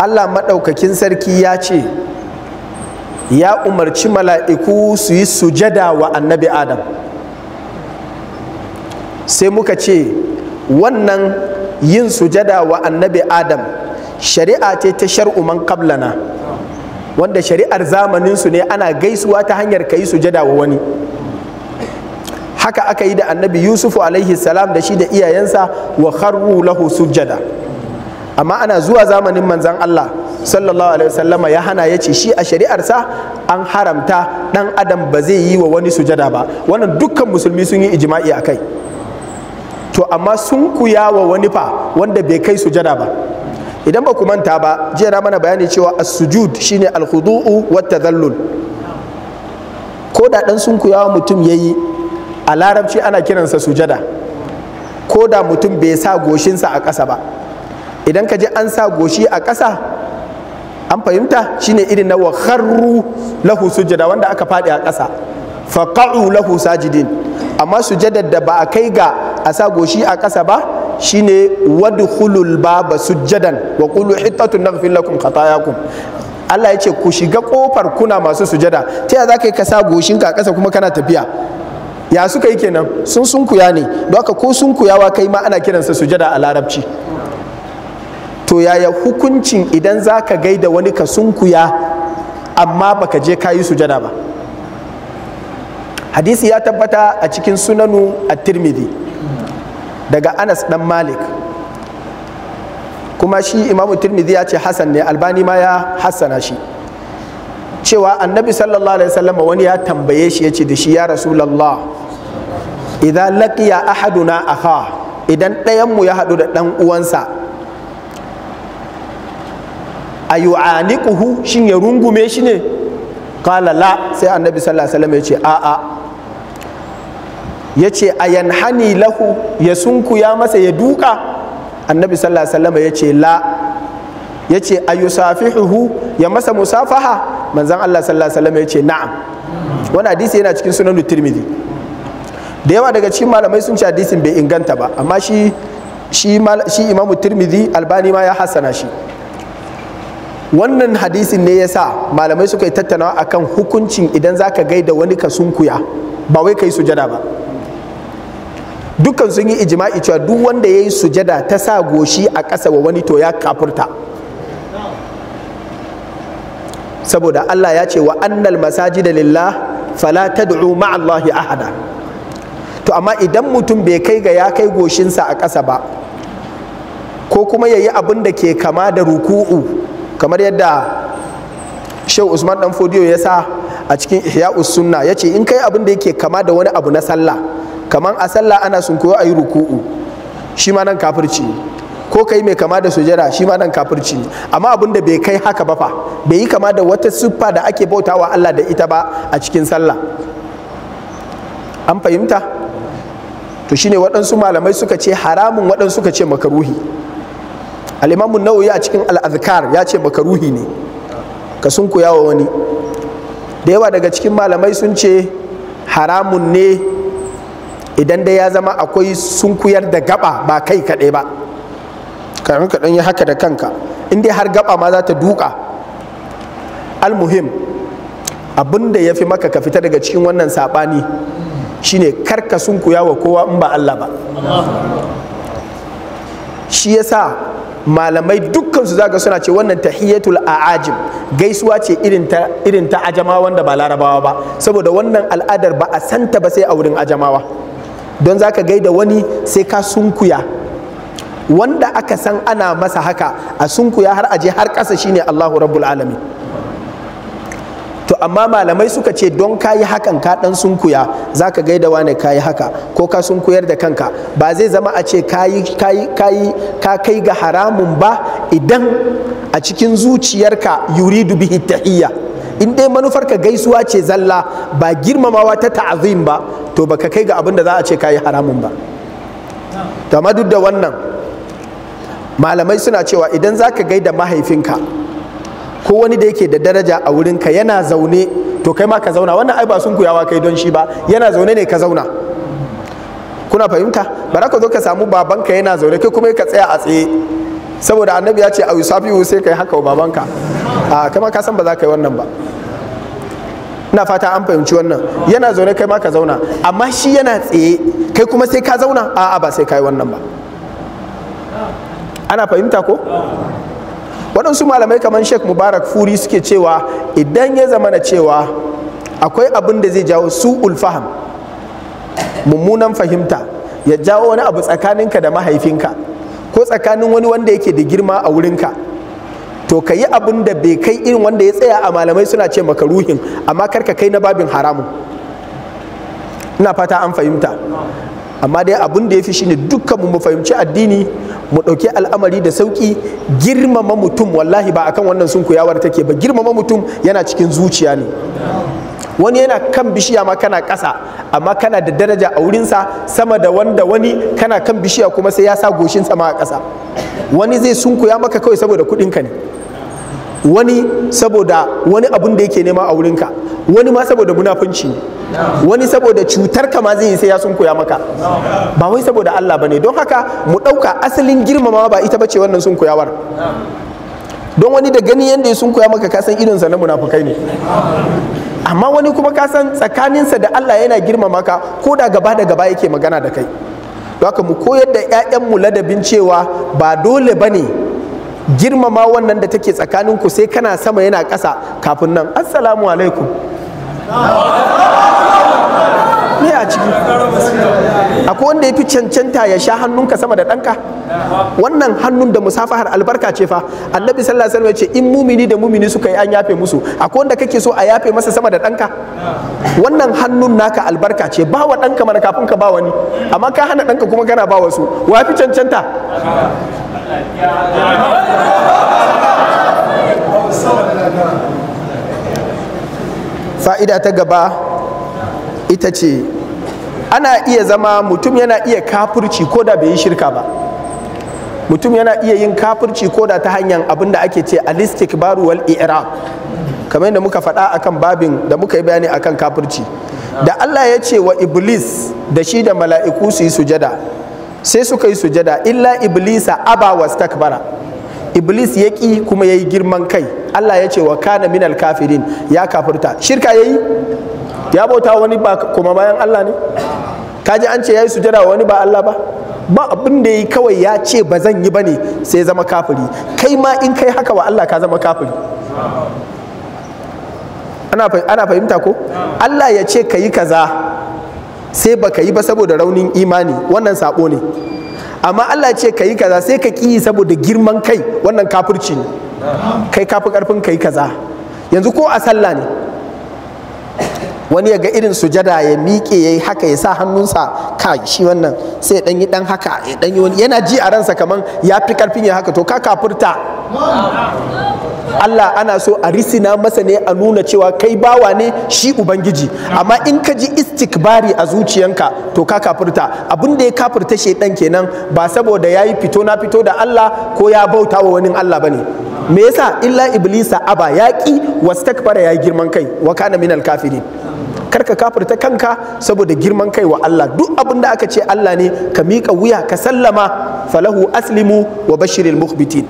Allah maɗaukakin sarki ya ce ya umarci mala'iku su yi sujada wa annabi Adam sai muka ce wannan yin sujada wa annabi Adam shari'a ce ta shar'uman kablana wanda shari'ar zamaninsu ne ana gaisuwa ta hanyar ka yi sujada wa wani haka aka yi da annabi yusufu alaihi salam da shi da iyayensa wa kharru lahu sujada amma ana zuwa zamanin manzan Allah sallallahu alaihi wasallama ya hana ya ce shi a shari'arsa an haramta dan adam ba zai yi wa wani sujada ba wannan dukkan musulmi sun yi ijma'i a kai to amma sun kuya wa wani fa wanda bai kai sujada ba idan ba ku manta ba jiya na mana bayani cewa as-sujud shine al-khudu'u wa tadhallul ko da dan sun kuya wa mutum yayi a larabci ana kiransa sujada ko da mutum bai sa goshinsa a ƙasa ba idan ka ji an sa goshi a ƙasa an fahimta shine irin na wakharru lahu sujada wanda aka faɗi a ƙasa faqa'u lahu sajidin amma sujadar da ba a kai ga a sa goshi a ƙasa ba shine wadkhulul baba sujadan wa qulu hittatun naghfir lakum khatayakum Allah ya ce ku shiga kofar kuna masu sujada ta ya za ka yi ka sa ka a ƙasa kuma kana tafiya ya suka yi kenan sun sunkuya ne don haka ko sunkuyawa kai ma ana kiransa sujada a larabci to yaya hukuncin idan za ka gaida wani ka sunkuya amma baka je ka yi sujada ba hadisi ya tabbata a cikin sunanu a tirmidhi daga anas dan malik kuma shi imamu tirmidhi ya ce hassan ne albani ma ya hassana shi cewa annabi sallallahu alaihi wasallam wani ya tambaye shi ya ce da shi ya rasulallah idan laqiya ahaduna akha idan ɗayanmu ya haɗu da ɗan uwansa a yu'aniquhu shin ya rungume shi ne qala la sai annabi sallallahu alaihi wasallam ya ce a ya ce a yanhani lahu ya sunku ya masa ya duka annabi sallallahu alaihi wasallam ya ce la ya ce a yusafihuhu ya masa musafaha manzan Allah sallallahu alaihi wasallam ya ce na'am wani hadisi yana cikin sunan tirmidhi da yawa daga cikin malamai sun ce hadisin bai inganta ba amma shi shi imamu tirmidhi albani ma ya hassana shi wannan hadisin ne ya sa malamai suka yi tattanawa akan hukuncin idan za zaka gaida wani ka sunkuya ba wai kai sujada ba dukkan sun yi ijima'i cewa duk wanda ya yi sujada ta sa goshi a ƙasa wa wani to ya kafurta saboda Allah ya ce wa annal da lillah fala tad'u ma'allahi ahada to amma idan mutum bai kai ga ya kai goshinsa a ƙasa ba ko kuma ya yi abin da ke kama da ruku'u kamar yadda shehu usman dan fodiyo ya sa a cikin Ihya sunna ya ce in kai abin da yake kama da wani abu na sallah kamar a sallah ana sunkuyo a yi ruku'u shi ma nan kafirci ko kai mai kama da sujada shi ma nan kafirci amma abin da bai kai haka ba fa bai yi kama da wata siffa da ake bautawa Allah da ita ba a cikin sallah an fahimta to shine waɗansu malamai suka ce haramun waɗansu suka ce makaruhi alimamun imamu nawawi a cikin al'azkar ya ce ruhi ne ka ku wani da yawa daga cikin malamai sun ce haramun ne idan dai ya zama akwai sunkuyar da gaba ba kai kaɗai ba kan ka yi haka da kanka in dai har gaba ma za ta duka almuhim abin da ya fi maka ka fita daga cikin wannan saɓani shine karka sunkuya wa kowa in ba Allah ba shi yasa malamai dukkansu zaga suna ce wannan tahiyatul a'ajim gaisuwa ce irin ta ajamawa wanda ba larabawa ba saboda wannan al'adar ba a santa ba sai a wurin ajamawa don zaka gaida wani sai ka sunkuya wanda aka san ana masa haka a sunkuya har aje har ƙasa shine Allahu rabbul alamin to amma malamai suka ce don kayi hakan ka dan sunkuya zaka gaida wane kayi haka ko ka sunkuyar da kanka ba zai zama a ce kayi kayi kayi ka kai ga haramun ba idan a cikin zuciyarka yuridu bihi tahiyya in dai manufarka gaisuwa ce zalla ba girmamawa ta ta'azim ba to baka kai ga abin da za a ce kayi haramun ba to duk da wannan malamai suna cewa idan zaka gaida mahaifinka ko wani da yake da daraja a wurinka yana zaune to kai ma ka zauna wannan ai ba sun kuyawa kai don shi ba yana zaune ne ka zauna kuna fahimta bara ka zo ka samu babanka yana zaune kai kuma ka tsaya a tsaye saboda annabi ya ce a yusafiyu sai kai haka wa babanka a ma ka san ba za ka yi wannan ba ina fata an fahimci wannan yana zaune kai ma ka zauna amma shi yana tsaye kai kuma sai ka zauna a'a ba sai ka yi wannan ba ana fahimta ko waɗansu malamai kamar sheikh mubarak furi suke cewa idan ya zama na cewa akwai abin da zai jawo su ulfaham mummunan fahimta ya jawo wani abu tsakaninka da mahaifinka ko tsakanin wani wanda yake da girma a wurinka to ka yi abin da bai kai irin wanda ya tsaya a malamai suna ce maka ruhin amma karka kai na babin haramun ina fata an fahimta amma dai abin da ya fi shine dukkan mu fahimci addini mu ɗauki al'amari da sauƙi girmama mutum wallahi ba akan wannan sun kuyawar take ba girmama mutum yana cikin zuciya ne wani yana kan bishiya ma kana ƙasa amma kana da daraja a wurinsa sama da wanda wani kana kan bishiya kuma sai ya sa goshinsa ma a ƙasa wani zai sunkuya maka kawai saboda kuɗinka ne wani saboda wani abun da yake nema a wurinka wani ma saboda munafunci wani saboda cutar ka ma zai yi sai ya sun koya maka ba wai saboda Allah bane don haka mu ɗauka asalin girmama ba ita bace wannan sun koyawar don wani da gani yadda ya sun koya maka kasan idonsa na munafukai ne amma wani kuma kasan tsakaninsa da Allah yana girmama ka ko da gaba da gaba yake magana da kai haka mu koyar da 'ya'yanmu ladabin cewa ba dole bane ne girmama wannan da take tsakanin ku sai kana sama yana ƙasa kafin nan assalamu alaikum ne a ciki akwai wanda ya fi cancanta ya sha hannunka sama da ɗanka wannan hannun da musafahar albarka ce fa annabi sallallahu alaihi wasallam ya ce in mumini da mumini suka yi an yafe musu akwai wanda kake so a yafe masa sama da ɗanka wannan hannun naka albarka ce ba wa ɗanka mana kafin ka ba wani amma ka hana ɗanka kuma kana ba wasu wa fi cancanta fa'ida ta gaba ita ce ana iya zama mutum yana iya kafurci ko da bai yi shirka ba mutum yana iya yin kafurci ko da ta hanyar abin da ake ce alistik baru wal ira kamar yadda muka faɗa akan babin da muka yi bayani akan kafurci da allah ya ce wa iblis da shi da mala'iku su yi sujada sai suka yi sujada illa iblisa aba wastakbara iblis ya ƙi kuma ya yi girman kai allah ya ce wa kana min kafirin ya kafirta shirka ya yi ya bauta wani ba kuma bayan allah ne kaji an ce ya yi sujada wani ba allah ba ba abin da ya yi kawai ya ce ba zan yi ba ne sai zama kafiri kai ma in kai haka wa allah ka zama kafiri ana fahimta ko allah ya ce ka yi kaza sai baka yi ba saboda raunin imani wannan sabo ne amma Allah ce ka yi kaza sai ka ƙi saboda girman kai wannan kafirci ne kai kafi karfin ka yi kaza yanzu ko a sallah ne wani ya ga irin sujada ya miƙe ya yi haka ya sa hannunsa ka shi wannan sai ya ɗanyi ɗan haka ya ɗanyi wani yana ji a ransa kamar ya fi ƙarfin ya haka to ka kafurta Allah ana so a risina masa ne a nuna cewa kai bawa ne shi ubangiji amma in ka ji istikbari a zuciyanka to ka kafirta abin da ya kafirta shaidan kenan ba saboda ya yi fito na fito da Allah ko ya bauta wa wani Allah ba ne me yasa illa iblisa aba yaƙi wastakbara ya yi girman kai wa kana minal Kar karka kafirta kanka saboda girman kai wa Allah duk abin da aka ce Allah ne ka miƙa wuya ka sallama falahu aslimu wa bashiril mukhbitin